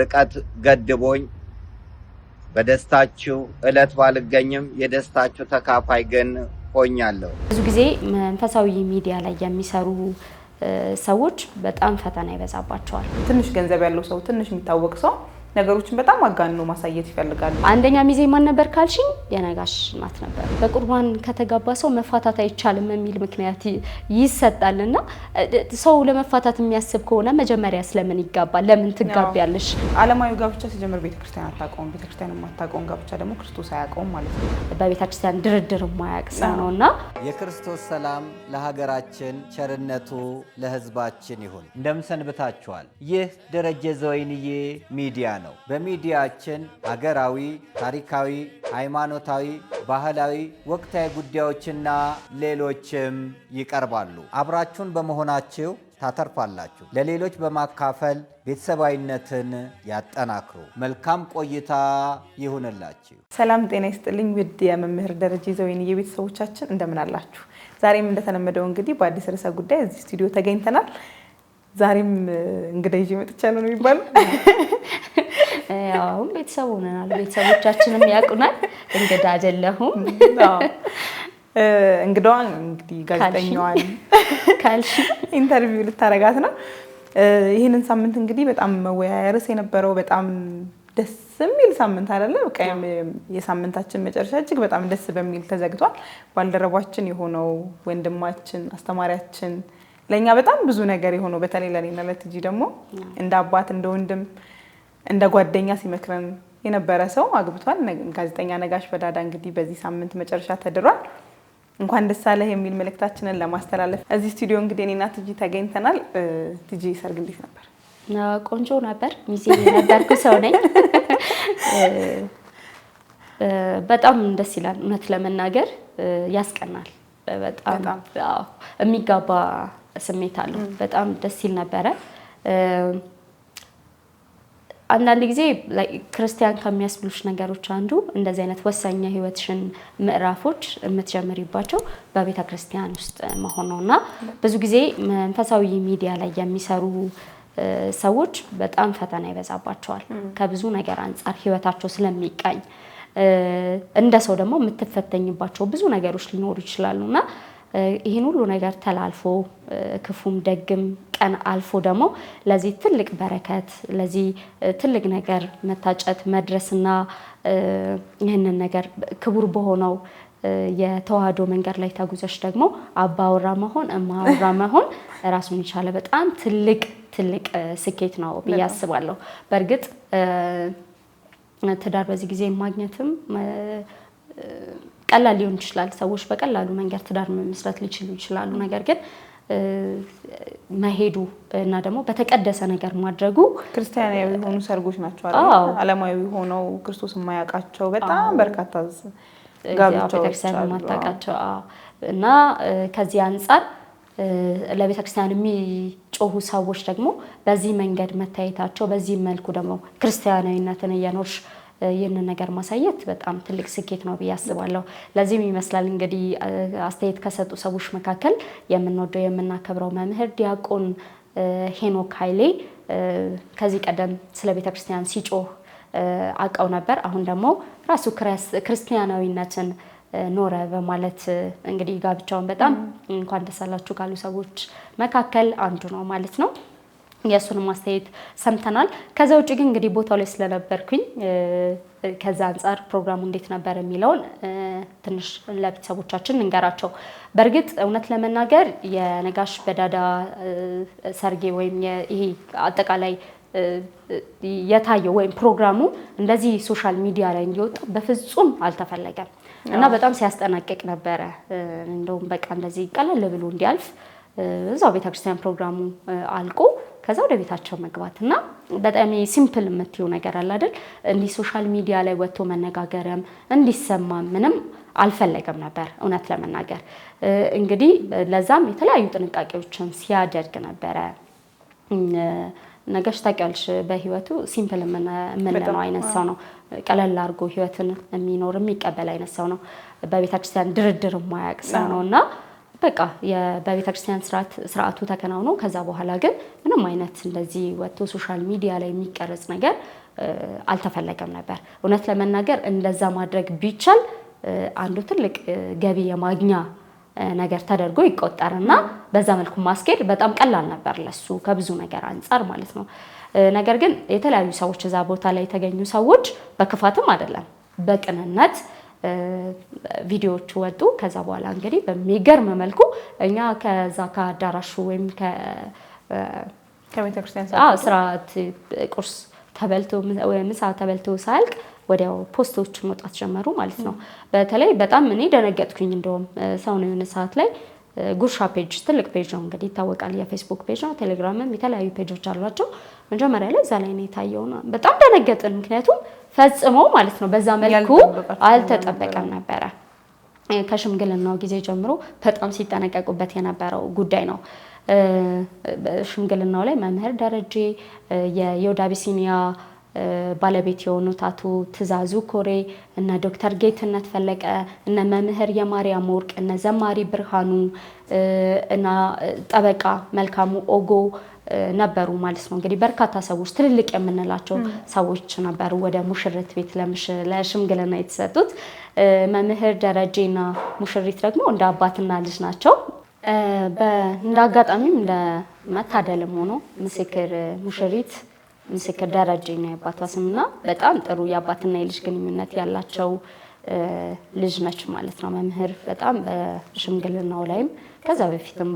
ርቀት ገድቦኝ በደስታችሁ እለት ባልገኝም የደስታችሁ ተካፋይ ግን ሆኛለሁ። ብዙ ጊዜ መንፈሳዊ ሚዲያ ላይ የሚሰሩ ሰዎች በጣም ፈተና ይበዛባቸዋል። ትንሽ ገንዘብ ያለው ሰው፣ ትንሽ የሚታወቅ ሰው ነገሮችን በጣም አጋንኖ ማሳየት ይፈልጋሉ። አንደኛ ሚዜ ማን ነበር ካልሽኝ የነጋሽ ናት ነበር። በቁርባን ከተጋባ ሰው መፋታት አይቻልም የሚል ምክንያት ይሰጣል እና ሰው ለመፋታት የሚያስብ ከሆነ መጀመሪያ ስለምን ይጋባል? ለምን ትጋቢያለሽ? አለማዊ ጋብቻ ሲጀምር ቤተክርስቲያን አታውቀውም፣ ቤተክርስቲያን የማታውቀውም ጋብቻ ደግሞ ክርስቶስ አያውቀውም ማለት ነው። በቤተክርስቲያን ድርድር የማያውቅ ሰው ነው እና የክርስቶስ ሰላም ለሀገራችን ቸርነቱ ለህዝባችን ይሁን። እንደምሰንብታችኋል። ይህ ደረጀ ዘወይንዬ ሚዲያ ነው። በሚዲያችን አገራዊ፣ ታሪካዊ፣ ሃይማኖታዊ፣ ባህላዊ፣ ወቅታዊ ጉዳዮችና ሌሎችም ይቀርባሉ። አብራችሁን በመሆናችሁ ታተርፋላችሁ። ለሌሎች በማካፈል ቤተሰባዊነትን ያጠናክሩ። መልካም ቆይታ ይሁንላችሁ። ሰላም ጤና ይስጥልኝ። ውድ የመምህር ደረጀ ዘወይንዬ ቤተሰቦቻችን እንደምን አላችሁ? ዛሬም እንደተለመደው እንግዲህ በአዲስ ርዕሰ ጉዳይ እዚህ ስቱዲዮ ተገኝተናል። ዛሬም እንግዳ ይዤ መጥቻለሁ ነው የሚባለው አሁን ቤተሰብ ሆነናል። ቤተሰቦቻችንም ያውቁናል። እንግዳ አይደለሁም። እንግዳዋን እንግዲህ ጋዜጠኛዋን ካልሽ ኢንተርቪው ልታረጋት ነው። ይህንን ሳምንት እንግዲህ በጣም መወያያ ርዕስ የነበረው በጣም ደስ የሚል ሳምንት አይደለ? በቃ የሳምንታችን መጨረሻ እጅግ በጣም ደስ በሚል ተዘግቷል። ባልደረባችን የሆነው ወንድማችን አስተማሪያችን ለእኛ በጣም ብዙ ነገር የሆነው በተለይ ነለት እጂ ደግሞ እንደ አባት እንደ ወንድም እንደ ጓደኛ ሲመክረን የነበረ ሰው አግብቷል። ጋዜጠኛ ነጋሽ በዳዳ እንግዲህ በዚህ ሳምንት መጨረሻ ተድሯል። እንኳን ደስ አለህ የሚል መልእክታችንን ለማስተላለፍ እዚህ ስቱዲዮ እንግዲህ እኔና ትጂ ተገኝተናል። ትጂ ሰርግ እንዴት ነበር? ቆንጆ ነበር። ሚዜ የነበርኩ ሰው ነኝ። በጣም ደስ ይላል። እውነት ለመናገር ያስቀናል። በጣም የሚጋባ ስሜት አለው። በጣም ደስ ይል ነበረ። አንዳንድ ጊዜ ክርስቲያን ከሚያስብሉሽ ነገሮች አንዱ እንደዚህ አይነት ወሳኝ ህይወትሽን ምዕራፎች የምትጀምሪባቸው በቤተ ክርስቲያን ውስጥ መሆን ነው እና ብዙ ጊዜ መንፈሳዊ ሚዲያ ላይ የሚሰሩ ሰዎች በጣም ፈተና ይበዛባቸዋል። ከብዙ ነገር አንጻር ህይወታቸው ስለሚቃኝ እንደ ሰው ደግሞ የምትፈተኝባቸው ብዙ ነገሮች ሊኖሩ ይችላሉ እና ይህን ሁሉ ነገር ተላልፎ ክፉም ደግም ቀን አልፎ ደግሞ ለዚህ ትልቅ በረከት ለዚህ ትልቅ ነገር መታጨት መድረስና ይህንን ነገር ክቡር በሆነው የተዋህዶ መንገድ ላይ ተጉዘሽ ደግሞ አባወራ መሆን እማወራ መሆን ራሱን የቻለ በጣም ትልቅ ትልቅ ስኬት ነው ብዬ አስባለሁ። በእርግጥ ትዳር በዚህ ጊዜ ማግኘትም ቀላል ሊሆን ይችላል። ሰዎች በቀላሉ መንገድ ትዳር መመስረት ሊችሉ ይችላሉ። ነገር ግን መሄዱ እና ደግሞ በተቀደሰ ነገር ማድረጉ ክርስቲያናዊ የሆኑ ሰርጎች ናቸው። ዓለማዊ ሆነው ክርስቶስ የማያውቃቸው በጣም በርካታ ቤተክርስቲያን የማታውቃቸው እና ከዚህ አንጻር ለቤተክርስቲያን የሚጮሁ ሰዎች ደግሞ በዚህ መንገድ መታየታቸው በዚህ መልኩ ደግሞ ክርስቲያናዊነትን እየኖርሽ ይህንን ነገር ማሳየት በጣም ትልቅ ስኬት ነው ብዬ አስባለሁ። ለዚህም ይመስላል እንግዲህ አስተያየት ከሰጡ ሰዎች መካከል የምንወደው የምናከብረው መምህር ዲያቆን ሄኖክ ኃይሌ ከዚህ ቀደም ስለ ቤተ ክርስቲያን ሲጮህ አውቀው ነበር። አሁን ደግሞ ራሱ ክርስቲያናዊነትን ኖረ በማለት እንግዲህ ጋብቻውን በጣም እንኳን ደስ አላችሁ ካሉ ሰዎች መካከል አንዱ ነው ማለት ነው። የእሱን ማስተያየት ሰምተናል። ከዛ ውጭ ግን እንግዲህ ቦታው ላይ ስለነበርኩኝ ከዛ አንጻር ፕሮግራሙ እንዴት ነበር የሚለውን ትንሽ ለቤተሰቦቻችን እንገራቸው። በእርግጥ እውነት ለመናገር የነጋሽ በዳዳ ሰርጌ ወይም ይሄ አጠቃላይ የታየው ወይም ፕሮግራሙ እንደዚህ ሶሻል ሚዲያ ላይ እንዲወጣ በፍጹም አልተፈለገም እና በጣም ሲያስጠናቅቅ ነበረ። እንደውም በቃ እንደዚህ ቀለል ብሎ እንዲያልፍ እዛው ቤተክርስቲያን ፕሮግራሙ አልቆ ከዛ ወደ ቤታቸው መግባት እና በጣም ሲምፕል የምትዩ ነገር አለ አይደል? እንዲህ ሶሻል ሚዲያ ላይ ወጥቶ መነጋገርም እንዲሰማ ምንም አልፈለገም ነበር እውነት ለመናገር እንግዲህ ለዛም የተለያዩ ጥንቃቄዎችን ሲያደርግ ነበረ። ነገሽ ታውቂያለሽ፣ በህይወቱ ሲምፕል የምንለው አይነት ሰው ነው። ቀለል አድርጎ ህይወትን የሚኖር የሚቀበል አይነት ሰው ነው። በቤታችን ድርድር የማያውቅ ሰው ነው እና በቃ በቤተክርስቲያን ስርዓቱ ተከናውኖ ከዛ በኋላ ግን ምንም አይነት እንደዚህ ወጥቶ ሶሻል ሚዲያ ላይ የሚቀረጽ ነገር አልተፈለገም ነበር። እውነት ለመናገር እንደዛ ማድረግ ቢቻል አንዱ ትልቅ ገቢ የማግኛ ነገር ተደርጎ ይቆጠርና በዛ መልኩ ማስኬድ በጣም ቀላል ነበር ለሱ ከብዙ ነገር አንጻር ማለት ነው። ነገር ግን የተለያዩ ሰዎች እዛ ቦታ ላይ የተገኙ ሰዎች በክፋትም አይደለም በቅንነት ቪዲዮዎቹ ወጡ። ከዛ በኋላ እንግዲህ በሚገርም መልኩ እኛ ከዛ ከአዳራሹ ወይም ከቤተክርስቲያን ስርዓት ቁርስ ተበልቶ ምሳ ተበልቶ ሳያልቅ ወዲያው ፖስቶች መውጣት ጀመሩ ማለት ነው። በተለይ በጣም እኔ ደነገጥኩኝ። እንደውም ሰውን የሆነ ሰዓት ላይ ጉርሻ ፔጅ ትልቅ ፔጅ ነው እንግዲህ ይታወቃል። የፌስቡክ ፔጅ ነው፣ ቴሌግራምም የተለያዩ ፔጆች አሏቸው። መጀመሪያ ላይ እዛ ላይ ነው የታየውና በጣም ደነገጥን። ምክንያቱም ፈጽሞ ማለት ነው በዛ መልኩ አልተጠበቀም ነበረ። ከሽምግልናው ጊዜ ጀምሮ በጣም ሲጠነቀቁበት የነበረው ጉዳይ ነው። ሽምግልናው ላይ መምህር ደረጀ የዮድ ባለቤት የሆኑት አቶ ትዛዙ ኮሬ እነ ዶክተር ጌትነት ፈለቀ እነ መምህር የማርያም ወርቅ እነ ዘማሪ ብርሃኑ እና ጠበቃ መልካሙ ኦጎ ነበሩ ማለት ነው። እንግዲህ በርካታ ሰዎች ትልልቅ የምንላቸው ሰዎች ነበሩ ወደ ሙሽርት ቤት ለሽምግልና የተሰጡት። መምህር ደረጀና ሙሽሪት ደግሞ እንደ አባትና ልጅ ናቸው። እንደ አጋጣሚም መታደልም ሆኖ ምስክር ሙሽሪት ምስክር ደረጀ ነው የአባቷ ስምና በጣም ጥሩ የአባትና የልጅ ግንኙነት ያላቸው ልጅ ነች ማለት ነው። መምህር በጣም በሽምግልናው ላይም ከዛ በፊትም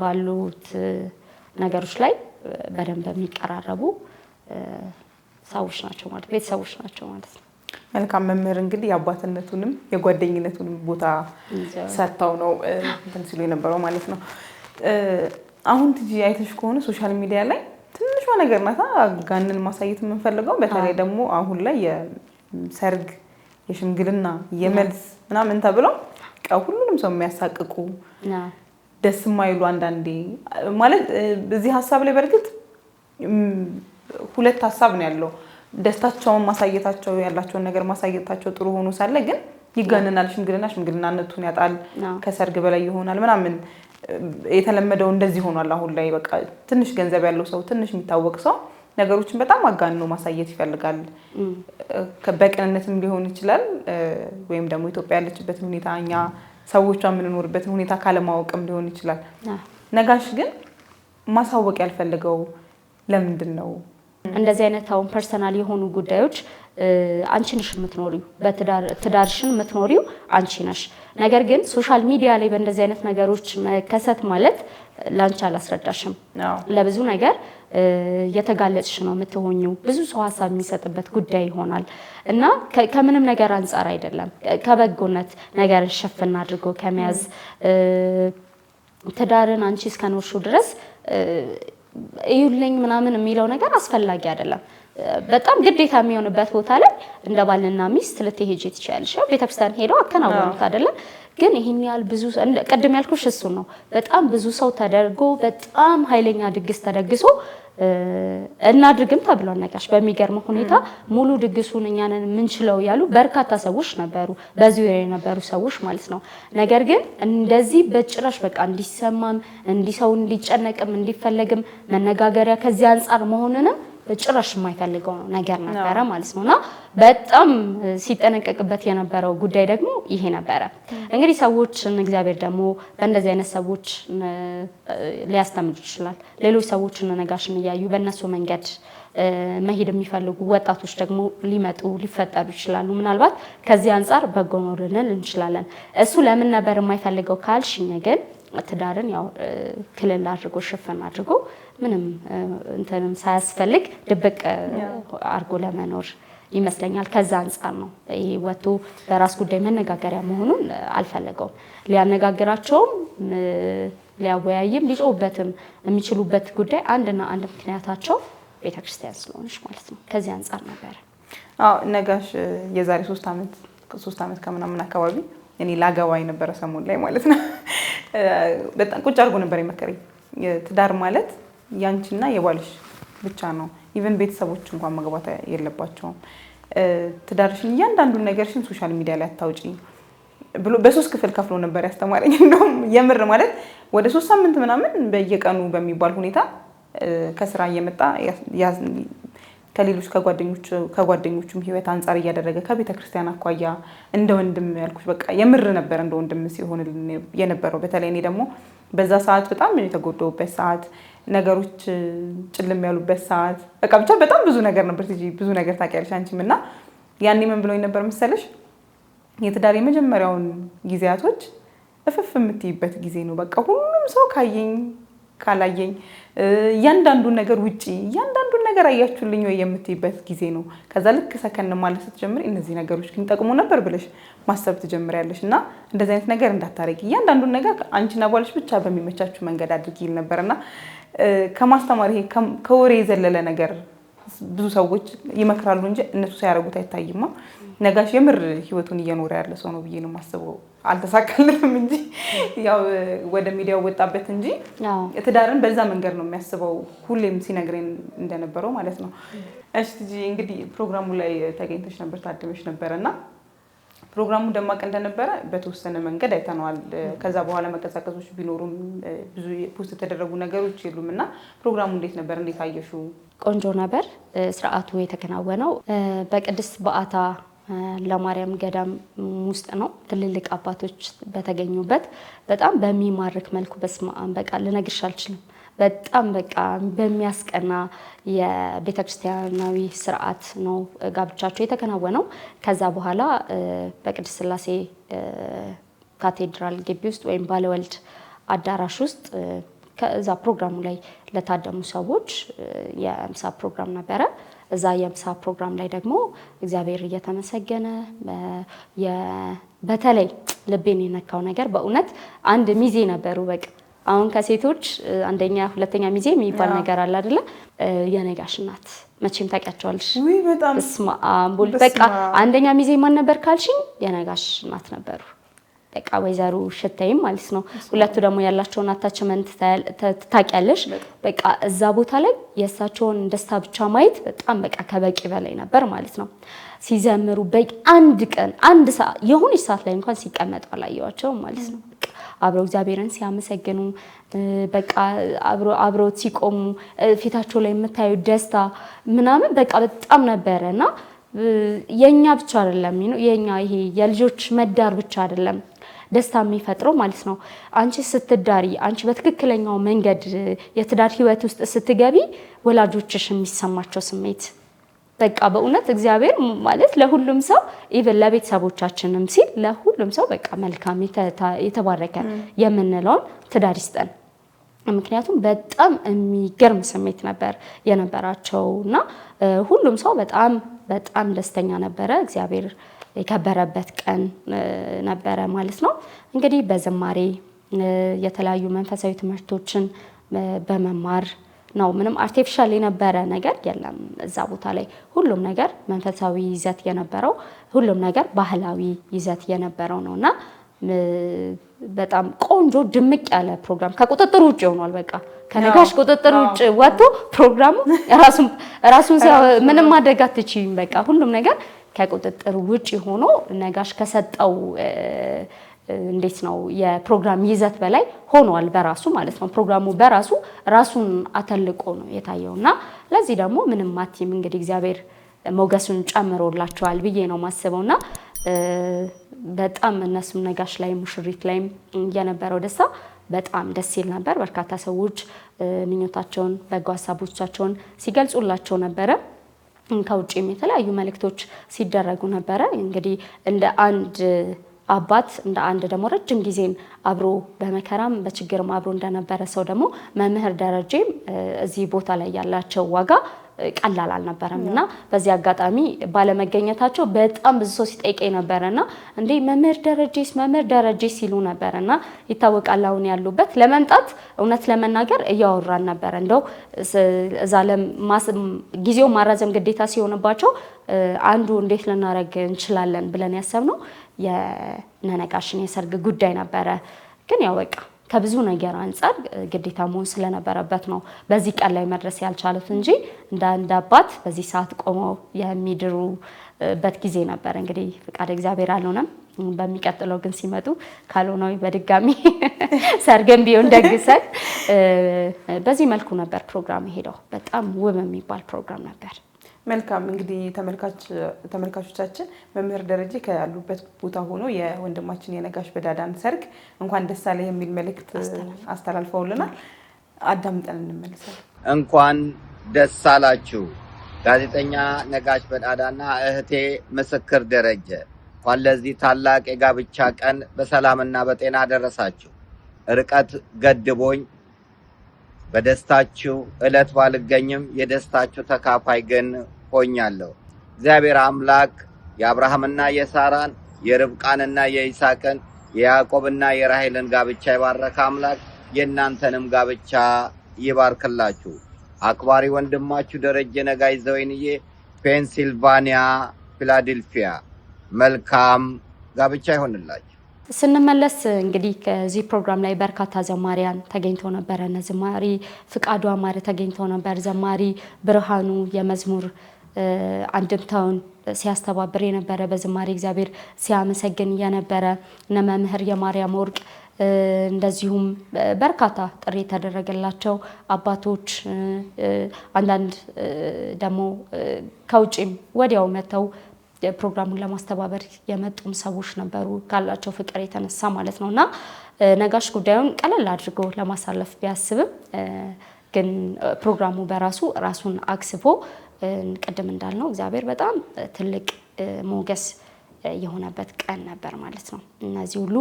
ባሉት ነገሮች ላይ በደንብ የሚቀራረቡ ሰዎች ናቸው ማለት ቤተሰቦች ናቸው ማለት ነው። መልካም መምህር እንግዲህ የአባትነቱንም የጓደኝነቱንም ቦታ ሰጥተው ነው እንትን ሲሉ የነበረው ማለት ነው። አሁን ትጂ አይተሽ ከሆነ ሶሻል ሚዲያ ላይ ነገር ናታ ጋንን ማሳየት የምንፈልገው በተለይ ደግሞ አሁን ላይ የሰርግ የሽምግልና የመልስ ምናምን ተብለው ሁሉንም ሰው የሚያሳቅቁ ደስ የማይሉ አንዳንዴ ማለት እዚህ ሀሳብ ላይ በእርግጥ ሁለት ሀሳብ ነው ያለው። ደስታቸውን ማሳየታቸው ያላቸውን ነገር ማሳየታቸው ጥሩ ሆኖ ሳለ ግን ይጋንናል። ሽምግልና ሽምግልናነቱን ያጣል፣ ከሰርግ በላይ ይሆናል ምናምን የተለመደው እንደዚህ ሆኗል። አሁን ላይ በቃ ትንሽ ገንዘብ ያለው ሰው ትንሽ የሚታወቅ ሰው ነገሮችን በጣም አጋኖ ማሳየት ይፈልጋል። በቅንነትም ሊሆን ይችላል ወይም ደግሞ ኢትዮጵያ ያለችበትን ሁኔታ እኛ ሰዎቿ የምንኖርበትን ሁኔታ ካለማወቅም ሊሆን ይችላል። ነጋሽ ግን ማሳወቅ ያልፈልገው ለምንድን ነው? እንደዚህ አይነት አሁን ፐርሰናል የሆኑ ጉዳዮች አንቺ ነሽ የምትኖሪው በትዳርሽን የምትኖሪው አንቺ ነሽ። ነገር ግን ሶሻል ሚዲያ ላይ በእንደዚህ አይነት ነገሮች መከሰት ማለት ለአንቺ አላስረዳሽም፣ ለብዙ ነገር የተጋለጥሽ ነው የምትሆኙ። ብዙ ሰው ሀሳብ የሚሰጥበት ጉዳይ ይሆናል እና ከምንም ነገር አንጻር አይደለም ከበጎነት ነገርን ሸፍና አድርጎ ከመያዝ ትዳርን አንቺ እስከኖርሽው ድረስ እዩልኝ ምናምን የሚለው ነገር አስፈላጊ አይደለም። በጣም ግዴታ የሚሆንበት ቦታ ላይ እንደ ባልና ሚስት ልትሄጂ ትችያለሽ። ቤተክርስቲያን ሄደው አከናወኑት አይደለም ግን ይህን ያህል ብዙ ቅድም ያልኩሽ እሱ ነው። በጣም ብዙ ሰው ተደርጎ በጣም ኃይለኛ ድግስ ተደግሶ እናድርግም ተብሏል። ነጋሽ በሚገርም ሁኔታ ሙሉ ድግሱን እኛ ነን የምንችለው ያሉ በርካታ ሰዎች ነበሩ፣ በዙሪያ የነበሩ ሰዎች ማለት ነው። ነገር ግን እንደዚህ በጭራሽ በቃ እንዲሰማም እንዲሰው እንዲጨነቅም እንዲፈለግም መነጋገሪያ ከዚህ አንጻር መሆንንም ጭራሽ የማይፈልገው ነገር ነበረ ማለት ነው። እና በጣም ሲጠነቀቅበት የነበረው ጉዳይ ደግሞ ይሄ ነበረ። እንግዲህ ሰዎችን እግዚአብሔር ደግሞ በእንደዚህ አይነት ሰዎች ሊያስተምር ይችላል። ሌሎች ሰዎችን ነጋሽን እያዩ በእነሱ መንገድ መሄድ የሚፈልጉ ወጣቶች ደግሞ ሊመጡ ሊፈጠሩ ይችላሉ። ምናልባት ከዚህ አንጻር በጎ ነው ልንል እንችላለን። እሱ ለምን ነበር የማይፈልገው ካልሽኝ ግን ትዳርን ያው ክልል አድርጎ ሽፍን አድርጎ ምንም እንትንም ሳያስፈልግ ድብቅ አድርጎ ለመኖር ይመስለኛል። ከዛ አንጻር ነው ይሄ ወጥቶ በራስ ጉዳይ መነጋገሪያ መሆኑን አልፈለገውም። ሊያነጋግራቸውም ሊያወያይም ሊጮውበትም የሚችሉበት ጉዳይ አንድና አንድ ምክንያታቸው ቤተክርስቲያን ስለሆነች ማለት ነው። ከዚህ አንጻር ነበረ ነጋሽ የዛሬ ሶስት ዓመት ከምናምን አካባቢ እኔ ላገባ የነበረ ሰሞን ላይ ማለት ነው በጣም ቁጭ አድርጎ ነበር የመከረኝ። ትዳር ማለት ያንቺና የባልሽ ብቻ ነው። ኢቨን ቤተሰቦች እንኳን መግባት የለባቸውም። ትዳርሽን፣ እያንዳንዱን ነገርሽን ሶሻል ሚዲያ ላይ አታውጪ ብሎ በሶስት ክፍል ከፍሎ ነበር ያስተማረኝ። እንደውም የምር ማለት ወደ ሶስት ሳምንት ምናምን በየቀኑ በሚባል ሁኔታ ከስራ እየመጣ ከሌሎች ከጓደኞቹም ህይወት አንጻር እያደረገ ከቤተ ክርስቲያን አኳያ እንደ ወንድም ያልኩሽ በቃ የምር ነበር እንደ ወንድም ሲሆን የነበረው። በተለይ እኔ ደግሞ በዛ ሰዓት በጣም የተጎደውበት ሰዓት፣ ነገሮች ጭልም ያሉበት ሰዓት፣ በቃ ብቻ በጣም ብዙ ነገር ነበር። ብዙ ነገር ታውቂያለሽ አንቺም እና ያኔ ምን ብሎኝ ነበር መሰለሽ የትዳር የመጀመሪያውን ጊዜያቶች እፍፍ የምትይበት ጊዜ ነው። በቃ ሁሉም ሰው ካየኝ ካላየኝ እያንዳንዱን ነገር ውጪ እያንዳንዱን ነገር አያችሁልኝ ወይ የምትይበት ጊዜ ነው። ከዛ ልክ ሰከን ማለት ስትጀምሪ እነዚህ ነገሮች ግን ጠቅሞ ነበር ብለሽ ማሰብ ትጀምሪያለሽ። እና እንደዚህ አይነት ነገር እንዳታረጊ እያንዳንዱን ነገር አንቺና ባልሽ ብቻ በሚመቻችሁ መንገድ አድርጊ ይል ነበር እና ከማስተማር ይሄ ከወሬ የዘለለ ነገር ብዙ ሰዎች ይመክራሉ እንጂ እነሱ ሳያደርጉት አይታይማ። ነጋሽ የምር ህይወቱን እየኖረ ያለ ሰው ነው ብዬ ነው የማስበው። አልተሳካልንም እንጂ ያው ወደ ሚዲያው ወጣበት እንጂ ትዳርን በዛ መንገድ ነው የሚያስበው ሁሌም ሲነግረን እንደነበረው ማለት ነው። እሽ ትጂ እንግዲህ ፕሮግራሙ ላይ ተገኝተች ነበር ታድመች ነበር እና ፕሮግራሙ ደማቅ እንደነበረ በተወሰነ መንገድ አይተነዋል። ከዛ በኋላ መቀሳቀሶች ቢኖሩም ብዙ ፖስት የተደረጉ ነገሮች የሉም እና ፕሮግራሙ እንዴት ነበር? እንዴት አየሹ? ቆንጆ ነበር። ስርዓቱ የተከናወነው በቅድስት በዓታ ለማርያም ገዳም ውስጥ ነው። ትልልቅ አባቶች በተገኙበት በጣም በሚማርክ መልኩ በስማም በቃ ልነግርሽ አልችልም። በጣም በቃ በሚያስቀና የቤተክርስቲያናዊ ስርዓት ነው ጋብቻቸው የተከናወነው። ከዛ በኋላ በቅድስት ስላሴ ካቴድራል ግቢ ውስጥ ወይም ባለወልድ አዳራሽ ውስጥ ከዛ ፕሮግራሙ ላይ ለታደሙ ሰዎች የምሳ ፕሮግራም ነበረ። እዛ የምሳ ፕሮግራም ላይ ደግሞ እግዚአብሔር እየተመሰገነ በተለይ ልቤን የነካው ነገር በእውነት አንድ ሚዜ ነበሩ። በቃ አሁን ከሴቶች አንደኛ ሁለተኛ ሚዜ የሚባል ነገር አለ አይደለ? የነጋሽ ናት መቼም ታውቂያቸዋለሽ። በጣም በቃ አንደኛ ሚዜ ማን ነበር ካልሽኝ የነጋሽ እናት ነበሩ። በቃ ወይዘሮ ሽታይም ማለት ነው። ሁለቱ ደግሞ ያላቸውን አታችመንት ታውቂያለሽ። በቃ እዛ ቦታ ላይ የእሳቸውን ደስታ ብቻ ማየት በጣም በቃ ከበቂ በላይ ነበር ማለት ነው። ሲዘምሩ በቂ አንድ ቀን አንድ ሰዓት የሆነች ሰዓት ላይ እንኳን ሲቀመጡ አላየዋቸውም ማለት ነው። አብረው እግዚአብሔርን ሲያመሰግኑ በቃ አብረው ሲቆሙ ፊታቸው ላይ የምታዩ ደስታ ምናምን በቃ በጣም ነበረ እና የኛ ብቻ አይደለም የኛ ይሄ የልጆች መዳር ብቻ አይደለም ደስታ የሚፈጥረው ማለት ነው። አንቺ ስትዳሪ፣ አንቺ በትክክለኛው መንገድ የትዳር ህይወት ውስጥ ስትገቢ ወላጆችሽ የሚሰማቸው ስሜት በቃ በእውነት እግዚአብሔር ማለት ለሁሉም ሰው ኢቨን ለቤተሰቦቻችንም ሲል ለሁሉም ሰው በቃ መልካም የተባረከ የምንለውን ትዳር ይስጠን። ምክንያቱም በጣም የሚገርም ስሜት ነበር የነበራቸው እና ሁሉም ሰው በጣም በጣም ደስተኛ ነበረ። እግዚአብሔር የከበረበት ቀን ነበረ ማለት ነው። እንግዲህ በዝማሬ የተለያዩ መንፈሳዊ ትምህርቶችን በመማር ነው። ምንም አርቲፊሻል የነበረ ነገር የለም እዛ ቦታ ላይ ሁሉም ነገር መንፈሳዊ ይዘት የነበረው ሁሉም ነገር ባህላዊ ይዘት የነበረው ነው እና በጣም ቆንጆ ድምቅ ያለ ፕሮግራም ከቁጥጥር ውጭ ሆኗል። በቃ ከነጋሽ ቁጥጥር ውጭ ወጥቶ ፕሮግራሙ ራሱን ምንም ማድረግ አትችይም። በቃ ሁሉም ነገር ከቁጥጥር ውጭ ሆኖ ነጋሽ ከሰጠው እንዴት ነው የፕሮግራም ይዘት በላይ ሆኗል በራሱ ማለት ነው። ፕሮግራሙ በራሱ ራሱን አተልቆ ነው የታየው እና ለዚህ ደግሞ ምንም ማቲም እንግዲህ እግዚአብሔር ሞገሱን ጨምሮላቸዋል ብዬ ነው ማስበውና በጣም እነሱም ነጋሽ ላይ ሙሽሪት ላይ የነበረው ደስታ በጣም ደስ ይል ነበር። በርካታ ሰዎች ምኞታቸውን፣ በጎ ሀሳቦቻቸውን ሲገልጹላቸው ነበረ። ከውጭም የተለያዩ መልእክቶች ሲደረጉ ነበረ። እንግዲህ እንደ አንድ አባት እንደ አንድ ደግሞ ረጅም ጊዜም አብሮ በመከራም በችግርም አብሮ እንደነበረ ሰው ደግሞ መምህር ደረጀም እዚህ ቦታ ላይ ያላቸው ዋጋ ቀላል አልነበረም እና በዚህ አጋጣሚ ባለመገኘታቸው በጣም ብዙ ሰው ሲጠይቀኝ ነበረ እና እንዴ መምህር ደረጀስ መምህር ደረጀ ሲሉ ነበረ እና ይታወቃል፣ አሁን ያሉበት ለመምጣት እውነት ለመናገር እያወራን ነበረ እንደው እዛ ጊዜው ማራዘም ግዴታ ሲሆንባቸው አንዱ እንዴት ልናደርግ እንችላለን ብለን ያሰብነው የነነጋሽን የሰርግ ጉዳይ ነበረ ግን ያወቃ ከብዙ ነገር አንጻር ግዴታ መሆን ስለነበረበት ነው በዚህ ቀን ላይ መድረስ ያልቻሉት እንጂ እንደ አንድ አባት በዚህ ሰዓት ቆመው የሚድሩበት ጊዜ ነበር። እንግዲህ ፍቃድ እግዚአብሔር አልሆነም። በሚቀጥለው ግን ሲመጡ ካልሆነ በድጋሚ ሰርገን ቢሆን ደግሰን በዚህ መልኩ ነበር ፕሮግራም ሄደው በጣም ውብ የሚባል ፕሮግራም ነበር። መልካም እንግዲህ ተመልካቾቻችን መምህር ደረጀ ከያሉበት ቦታ ሆኖ የወንድማችን የነጋሽ በዳዳን ሰርግ እንኳን ደስ አለ የሚል መልእክት አስተላልፈውልናል። አዳምጠን እንመልሳለን። እንኳን ደስ አላችሁ። ጋዜጠኛ ነጋሽ በዳዳና እህቴ ምስክር ደረጀ እንኳን ለዚህ ታላቅ የጋብቻ ቀን በሰላምና በጤና ደረሳችሁ። ርቀት ገድቦኝ በደስታችሁ ዕለት ባልገኝም የደስታችሁ ተካፋይ ግን ሆኛለሁ። እግዚአብሔር አምላክ የአብርሃምና የሳራን የርብቃንና የይስሐቅን የያዕቆብና የራሔልን ጋብቻ የባረከ አምላክ የእናንተንም ጋብቻ ይባርክላችሁ። አክባሪ ወንድማችሁ ደረጀ ነጋይ ዘወይንዬ፣ ፔንሲልቫኒያ ፊላዴልፊያ። መልካም ጋብቻ ይሆንላችሁ። ስንመለስ እንግዲህ ከዚህ ፕሮግራም ላይ በርካታ ዘማሪያን ተገኝተው ነበረ። ዘማሪ ፍቃዱ አማረ ተገኝተው ነበር። ዘማሪ ብርሃኑ የመዝሙር አንድምታውን ሲያስተባብር የነበረ በዝማሬ እግዚአብሔር ሲያመሰግን የነበረ እነ መምህር የማርያም ወርቅ እንደዚሁም በርካታ ጥሪ የተደረገላቸው አባቶች አንዳንድ ደግሞ ከውጭም ወዲያው መጥተው ፕሮግራሙን ለማስተባበር የመጡም ሰዎች ነበሩ፣ ካላቸው ፍቅር የተነሳ ማለት ነው። እና ነጋሽ ጉዳዩን ቀለል አድርጎ ለማሳለፍ ቢያስብም ግን ፕሮግራሙ በራሱ ራሱን አክስፎ ቅድም እንዳልነው እግዚአብሔር በጣም ትልቅ ሞገስ የሆነበት ቀን ነበር ማለት ነው። እነዚህ ሁሉ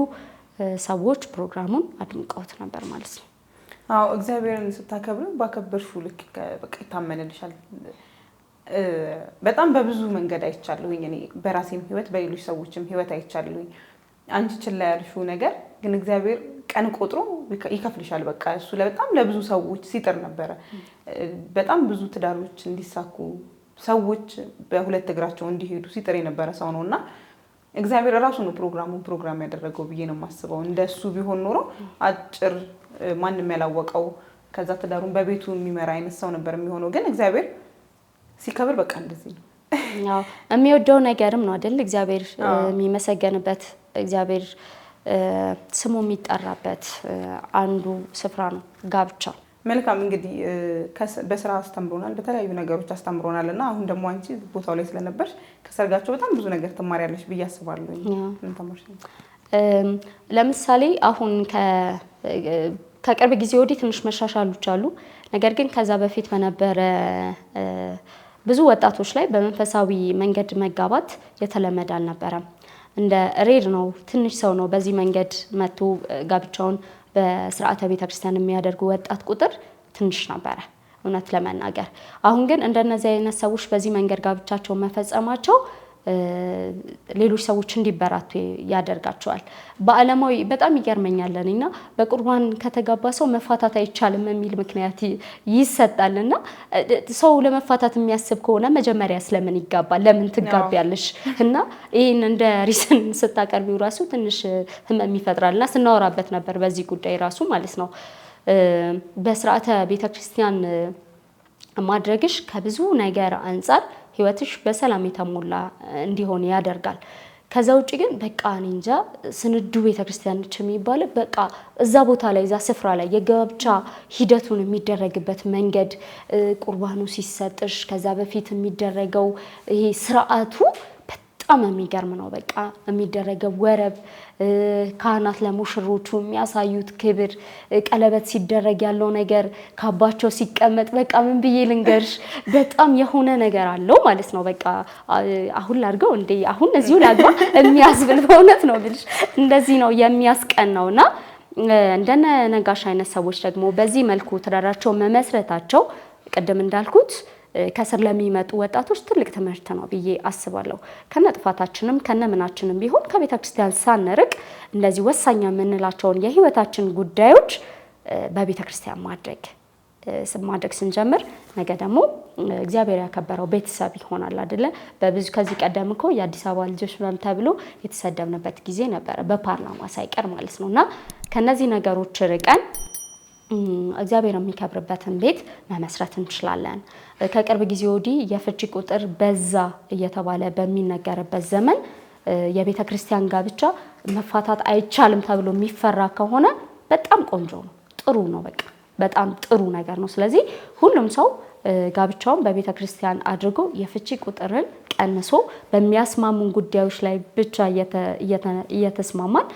ሰዎች ፕሮግራሙን አድምቀውት ነበር ማለት ነው። አዎ እግዚአብሔርን ስታከብር ባከበርሽው ልክ በቃ ይታመንልሻል። በጣም በብዙ መንገድ አይቻለሁኝ እኔ በራሴም ህይወት በሌሎች ሰዎችም ህይወት አይቻለሁኝ። አንቺ ችላ ያልሽው ነገር ግን እግዚአብሔር ቀን ቆጥሮ ይከፍልሻል። በቃ እሱ በጣም ለብዙ ሰዎች ሲጥር ነበረ። በጣም ብዙ ትዳሮች እንዲሳኩ ሰዎች በሁለት እግራቸው እንዲሄዱ ሲጥር የነበረ ሰው ነው እና እግዚአብሔር ራሱ ነው ፕሮግራሙን ፕሮግራም ያደረገው ብዬ ነው የማስበው። እንደሱ ቢሆን ኖሮ አጭር ማንም ያላወቀው ከዛ ትዳሩን በቤቱ የሚመራ አይነት ሰው ነበር የሚሆነው። ግን እግዚአብሔር ሲከብር በቃ እንደዚህ ነው የሚወደው ነገርም ነው አይደል? እግዚአብሔር የሚመሰገንበት እግዚአብሔር ስሙ የሚጠራበት አንዱ ስፍራ ነው ጋብቻ። መልካም እንግዲህ በስራ አስተምሮናል፣ በተለያዩ ነገሮች አስተምሮናል እና አሁን ደግሞ አንቺ ቦታው ላይ ስለነበርሽ ከሰርጋቸው በጣም ብዙ ነገር ትማሪያለሽ ብዬ አስባለሁ። ለምሳሌ አሁን ከቅርብ ጊዜ ወዲህ ትንሽ መሻሻሎች አሉ። ነገር ግን ከዛ በፊት በነበረ ብዙ ወጣቶች ላይ በመንፈሳዊ መንገድ መጋባት የተለመደ አልነበረም። እንደ ሬድ ነው። ትንሽ ሰው ነው በዚህ መንገድ መጥቶ ጋብቻውን በስርዓተ ቤተክርስቲያን የሚያደርጉ ወጣት ቁጥር ትንሽ ነበረ እውነት ለመናገር። አሁን ግን እንደነዚህ አይነት ሰዎች በዚህ መንገድ ጋብቻቸውን መፈጸማቸው ሌሎች ሰዎች እንዲበራቱ ያደርጋቸዋል። በአለማዊ በጣም ይገርመኛል እና በቁርባን ከተጋባ ሰው መፋታት አይቻልም የሚል ምክንያት ይሰጣል እና ሰው ለመፋታት የሚያስብ ከሆነ መጀመሪያ ስለምን ይጋባል? ለምን ትጋቢያለሽ? እና ይህን እንደ ሪስን ስታቀርቢው ራሱ ትንሽ ህመም ይፈጥራል እና ስናወራበት ነበር በዚህ ጉዳይ ራሱ ማለት ነው በስርዓተ ቤተክርስቲያን ማድረግሽ ከብዙ ነገር አንጻር ህይወትሽ በሰላም የተሞላ እንዲሆን ያደርጋል። ከዛ ውጭ ግን በቃ እኔ እንጃ ስንዱ ቤተክርስቲያኖች የሚባለ በቃ እዛ ቦታ ላይ እዛ ስፍራ ላይ የጋብቻ ሂደቱን የሚደረግበት መንገድ ቁርባኑ ሲሰጥሽ ከዛ በፊት የሚደረገው ይሄ ስርዓቱ በጣም የሚገርም ነው። በቃ የሚደረገው ወረብ ካህናት ለሙሽሮቹ የሚያሳዩት ክብር፣ ቀለበት ሲደረግ ያለው ነገር፣ ካባቸው ሲቀመጥ በቃ ምን ብዬ ልንገርሽ በጣም የሆነ ነገር አለው ማለት ነው። በቃ አሁን ላድርገው እንዴ አሁን እዚሁ ላግባ የሚያስብል በእውነት ነው ብልሽ እንደዚህ ነው ነው እና እንደነ ነጋሽ አይነት ሰዎች ደግሞ በዚህ መልኩ ትዳራቸው መመስረታቸው ቅድም እንዳልኩት ከስር ለሚመጡ ወጣቶች ትልቅ ትምህርት ነው ብዬ አስባለሁ። ከነ ጥፋታችንም ከነ ምናችንም ቢሆን ከቤተ ክርስቲያን ሳንርቅ እንደዚህ ወሳኝ የምንላቸውን የህይወታችን ጉዳዮች በቤተ ክርስቲያን ማድረግ ማድረግ ስንጀምር ነገ ደግሞ እግዚአብሔር ያከበረው ቤተሰብ ይሆናል አይደለ? በብዙ ከዚህ ቀደም እኮ የአዲስ አበባ ልጆች ምናምን ተብሎ የተሰደብንበት ጊዜ ነበረ፣ በፓርላማ ሳይቀር ማለት ነው። እና ከነዚህ ነገሮች ርቀን እግዚአብሔር የሚከብርበትን ቤት መመስረት እንችላለን። ከቅርብ ጊዜ ወዲህ የፍቺ ቁጥር በዛ እየተባለ በሚነገርበት ዘመን የቤተ ክርስቲያን ጋብቻ መፋታት አይቻልም ተብሎ የሚፈራ ከሆነ በጣም ቆንጆ ነው፣ ጥሩ ነው፣ በቃ በጣም ጥሩ ነገር ነው። ስለዚህ ሁሉም ሰው ጋብቻውን በቤተ ክርስቲያን አድርጎ የፍቺ ቁጥርን ቀንሶ በሚያስማሙን ጉዳዮች ላይ ብቻ እየተስማማን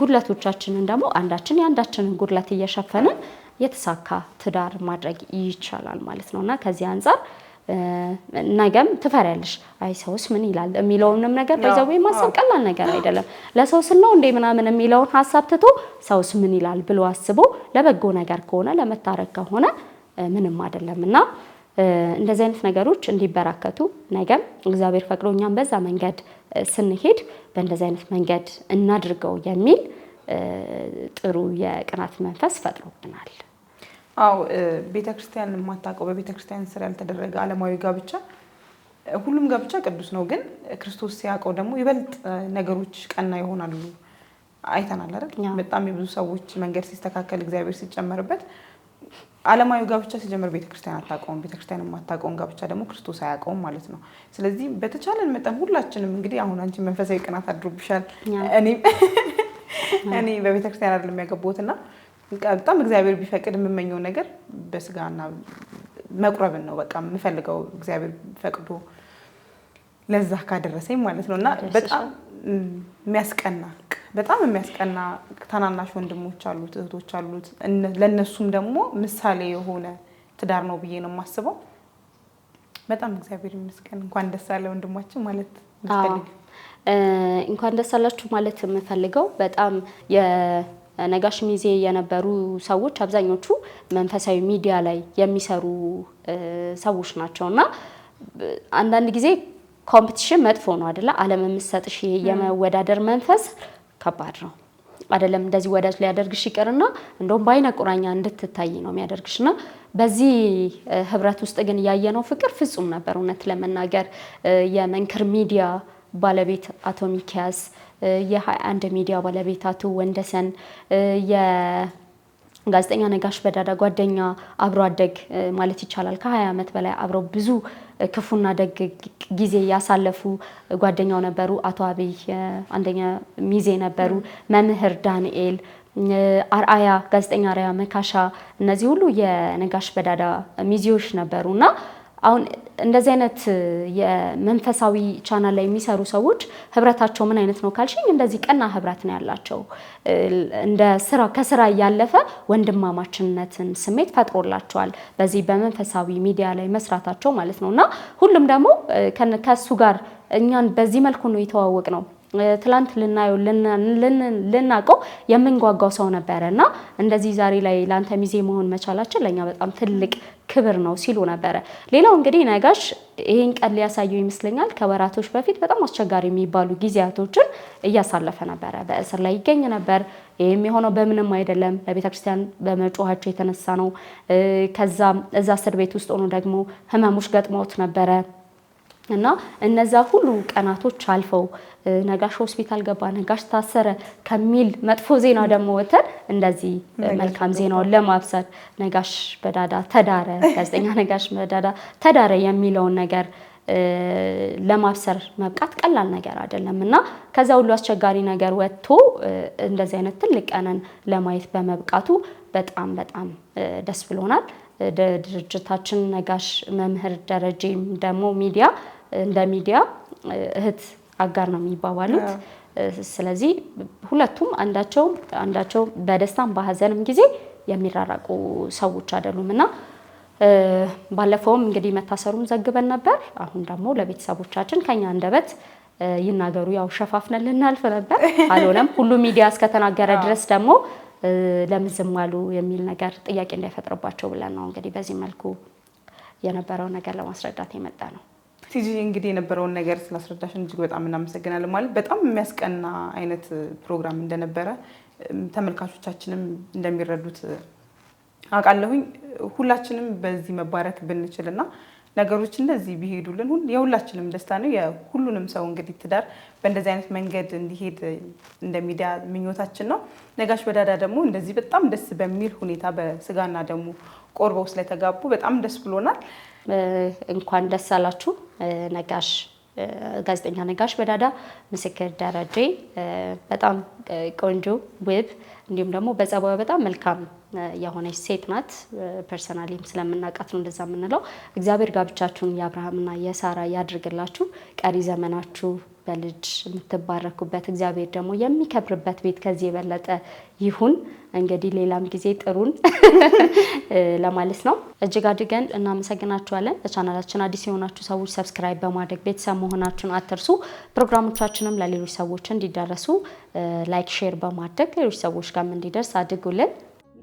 ጉድለቶቻችንን ደግሞ አንዳችን የአንዳችንን ጉድለት እየሸፈንን የተሳካ ትዳር ማድረግ ይቻላል ማለት ነው እና ከዚህ አንጻር ነገም ትፈሪያለሽ፣ አይ ሰውስ ምን ይላል የሚለውንም ነገር በዛው ማሰብ ቀላል ነገር አይደለም። ለሰው ስል ነው እንዴ ምናምን የሚለውን ሀሳብ ትቶ ሰውስ ምን ይላል ብሎ አስቦ ለበጎ ነገር ከሆነ ለመታረቅ ከሆነ ምንም አይደለም እና እንደዚህ አይነት ነገሮች እንዲበራከቱ ነገም እግዚአብሔር ፈቅዶ እኛም በዛ መንገድ ስንሄድ በእንደዚህ አይነት መንገድ እናድርገው የሚል ጥሩ የቅናት መንፈስ ፈጥሮብናል። አው ቤተ ክርስቲያን የማታውቀው በቤተ ክርስቲያን ስር ያልተደረገ ዓለማዊ ጋብቻ ሁሉም ጋብቻ ቅዱስ ነው፣ ግን ክርስቶስ ሲያውቀው ደግሞ ይበልጥ ነገሮች ቀና ይሆናሉ። አይተናል አይደል? በጣም የብዙ ሰዎች መንገድ ሲስተካከል እግዚአብሔር ሲጨመርበት ዓለማዊ ጋብቻ ሲጀምር ቤተክርስቲያን አታውቀውም፣ ቤተክርስቲያን የማታውቀውን ጋብቻ ደግሞ ክርስቶስ አያውቀውም ማለት ነው። ስለዚህ በተቻለን መጠን ሁላችንም እንግዲህ አሁን አንቺ መንፈሳዊ ቅናት አድሮብሻል፣ እኔም እኔ በቤተክርስቲያን አይደለም የሚያገቦትና በጣም እግዚአብሔር ቢፈቅድ የምመኘው ነገር በስጋና መቁረብን ነው በቃ የምፈልገው እግዚአብሔር ፈቅዶ ለዛ ካደረሰኝ ማለት ነው እና በጣም የሚያስቀና በጣም የሚያስቀና ታናናሽ ወንድሞች አሉት፣ እህቶች አሉት። ለእነሱም ደግሞ ምሳሌ የሆነ ትዳር ነው ብዬ ነው የማስበው። በጣም እግዚአብሔር ይመስገን። እንኳን ደስ አለ ወንድማችን ማለት እንኳን ደስ አላችሁ ማለት የምፈልገው በጣም ነጋሽ ሚዜ የነበሩ ሰዎች አብዛኞቹ መንፈሳዊ ሚዲያ ላይ የሚሰሩ ሰዎች ናቸው እና አንዳንድ ጊዜ ኮምፒቲሽን መጥፎ ነው አደለ? ዓለም የምትሰጥሽ የመወዳደር መንፈስ ከባድ ነው አይደለም እንደዚህ ወዳጅ ሊያደርግሽ ይቅርና እንደውም በአይነ ቁራኛ እንድትታይ ነው ና በዚህ ህብረት ውስጥ ግን ያየነው ፍቅር ፍጹም ነበር። እውነት ለመናገር የመንክር ሚዲያ ባለቤት አቶ ሚኪያስ፣ የ21 ሚዲያ ባለቤት አቶ ወንደሰን፣ የጋዜጠኛ ነጋሽ በዳዳ ጓደኛ አብሮ አደግ ማለት ይቻላል ከ20 ዓመት በላይ አብረው ብዙ ክፉና ደግ ጊዜ ያሳለፉ ጓደኛው ነበሩ። አቶ አብይ አንደኛ ሚዜ ነበሩ። መምህር ዳንኤል አርአያ ጋዜጠኛ አርአያ መካሻ እነዚህ ሁሉ የነጋሽ በዳዳ ሚዜዎች እና አሁን እንደዚህ አይነት የመንፈሳዊ ቻናል ላይ የሚሰሩ ሰዎች ህብረታቸው ምን አይነት ነው ካልሽኝ፣ እንደዚህ ቀና ህብረት ነው ያላቸው። እንደ ስራ ከስራ እያለፈ ወንድማማችነትን ስሜት ፈጥሮላቸዋል፣ በዚህ በመንፈሳዊ ሚዲያ ላይ መስራታቸው ማለት ነው። እና ሁሉም ደግሞ ከሱ ጋር እኛን በዚህ መልኩ ነው የተዋወቅ ነው ትላንት ልናየው ልናቀው የምንጓጓው ሰው ነበረ እና እንደዚህ ዛሬ ላይ ለአንተ ሚዜ መሆን መቻላችን ለእኛ በጣም ትልቅ ክብር ነው ሲሉ ነበረ። ሌላው እንግዲህ ነጋሽ ይህን ቀን ሊያሳየው ይመስለኛል ከወራቶች በፊት በጣም አስቸጋሪ የሚባሉ ጊዜያቶችን እያሳለፈ ነበረ። በእስር ላይ ይገኝ ነበር። ይህም የሆነው በምንም አይደለም በቤተክርስቲያን በመጮኋቸው የተነሳ ነው። ከዛ እዛ እስር ቤት ውስጥ ሆኖ ደግሞ ህመሞች ገጥመውት ነበረ እና እነዛ ሁሉ ቀናቶች አልፈው ነጋሽ ሆስፒታል ገባ፣ ነጋሽ ታሰረ ከሚል መጥፎ ዜና ደግሞ ወተን እንደዚህ መልካም ዜናውን ለማብሰር ነጋሽ በዳዳ ተዳረ፣ ጋዜጠኛ ነጋሽ በዳዳ ተዳረ የሚለውን ነገር ለማብሰር መብቃት ቀላል ነገር አይደለም እና ከዛ ሁሉ አስቸጋሪ ነገር ወጥቶ እንደዚህ አይነት ትልቅ ቀንን ለማየት በመብቃቱ በጣም በጣም ደስ ብሎናል። ድርጅታችን ነጋሽ መምህር ደረጀም ደግሞ ሚዲያ እንደ ሚዲያ እህት አጋር ነው የሚባባሉት። ስለዚህ ሁለቱም አንዳቸው አንዳቸው በደስታም በሀዘንም ጊዜ የሚራራቁ ሰዎች አይደሉም እና ባለፈውም እንግዲህ መታሰሩን ዘግበን ነበር። አሁን ደግሞ ለቤተሰቦቻችን ከኛ አንደበት ይናገሩ ያው ሸፋፍነን ልናልፍ ነበር፣ አልሆነም። ሁሉ ሚዲያ እስከተናገረ ድረስ ደግሞ ለምን ዝም አሉ የሚል ነገር ጥያቄ እንዳይፈጥርባቸው ብለን ነው እንግዲህ በዚህ መልኩ የነበረው ነገር ለማስረዳት የመጣ ነው። ቲጂ እንግዲህ የነበረውን ነገር ስላስረዳሽን እጅግ በጣም እናመሰግናለን። ማለት በጣም የሚያስቀና አይነት ፕሮግራም እንደነበረ ተመልካቾቻችንም እንደሚረዱት አውቃለሁኝ። ሁላችንም በዚህ መባረክ ብንችል እና ነገሮች እንደዚህ ቢሄዱልን የሁላችንም ደስታ ነው። የሁሉንም ሰው እንግዲህ ትዳር በእንደዚህ አይነት መንገድ እንዲሄድ እንደ ሚዲያ ምኞታችን ነው። ነጋሽ በዳዳ ደግሞ እንደዚህ በጣም ደስ በሚል ሁኔታ በስጋና ደግሞ ቆርበው ስለተጋቡ በጣም ደስ ብሎናል። እንኳን ደስ አላችሁ ነጋሽ ጋዜጠኛ ነጋሽ በዳዳ ምስክር ደረጀ በጣም ቆንጆ ውብ እንዲሁም ደግሞ በጸባዩ በጣም መልካም የሆነች ሴት ናት። ፐርሰናሊም ስለምናውቃት ነው እንደዛ የምንለው። እግዚአብሔር ጋብቻችሁን የአብርሃምና የሳራ ያድርግላችሁ። ቀሪ ዘመናችሁ በልጅ የምትባረኩበት እግዚአብሔር ደግሞ የሚከብርበት ቤት ከዚህ የበለጠ ይሁን። እንግዲህ ሌላም ጊዜ ጥሩን ለማለት ነው። እጅግ አድርገን እናመሰግናችኋለን። ለቻናላችን አዲስ የሆናችሁ ሰዎች ሰብስክራይብ በማድረግ ቤተሰብ መሆናችሁን አትርሱ። ፕሮግራሞቻችንም ለሌሎች ሰዎች እንዲደረሱ ላይክ፣ ሼር በማድረግ ሌሎች ሰዎች ጋርም እንዲደርስ አድርጉልን።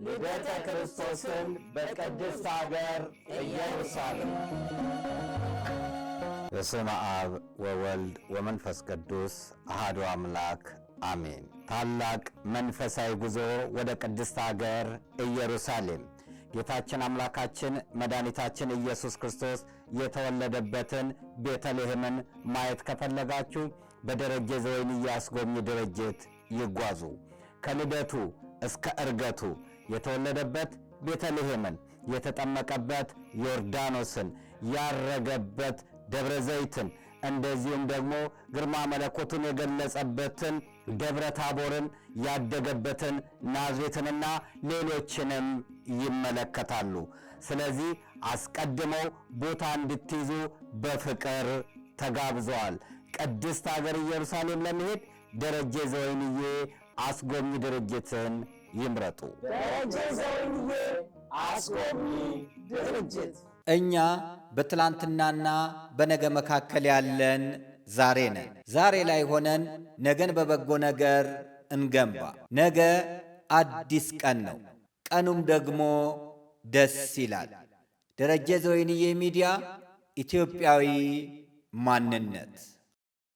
ልደተ ክርስቶስን በቅድስት ሀገር ኢየሩሳሌም በስመ አብ ወወልድ ወመንፈስ ቅዱስ አሐዱ አምላክ አሜን። ታላቅ መንፈሳዊ ጉዞ ወደ ቅድስት አገር ኢየሩሳሌም ጌታችን አምላካችን መድኃኒታችን ኢየሱስ ክርስቶስ የተወለደበትን ቤተልሔምን ማየት ከፈለጋችሁ በደረጀ ዘወይንዬ አስጎብኚ ድርጅት ይጓዙ። ከልደቱ እስከ እርገቱ የተወለደበት ቤተልሔምን፣ የተጠመቀበት ዮርዳኖስን፣ ያረገበት ደብረ ዘይትን እንደዚሁም ደግሞ ግርማ መለኮቱን የገለጸበትን ደብረ ታቦርን ያደገበትን ናዝሬትንና ሌሎችንም ይመለከታሉ። ስለዚህ አስቀድመው ቦታ እንድትይዙ በፍቅር ተጋብዘዋል። ቅድስት ሀገር ኢየሩሳሌም ለመሄድ ደረጀ ዘወይንዬ አስጎብኚ ድርጅትን ይምረጡ። ደረጀ ዘወይንዬ አስጎብኚ ድርጅት እኛ በትላንትናና በነገ መካከል ያለን ዛሬ ነን። ዛሬ ላይ ሆነን ነገን በበጎ ነገር እንገንባ። ነገ አዲስ ቀን ነው። ቀኑም ደግሞ ደስ ይላል። ደረጀ ዘወይንዬ ሚዲያ ኢትዮጵያዊ ማንነት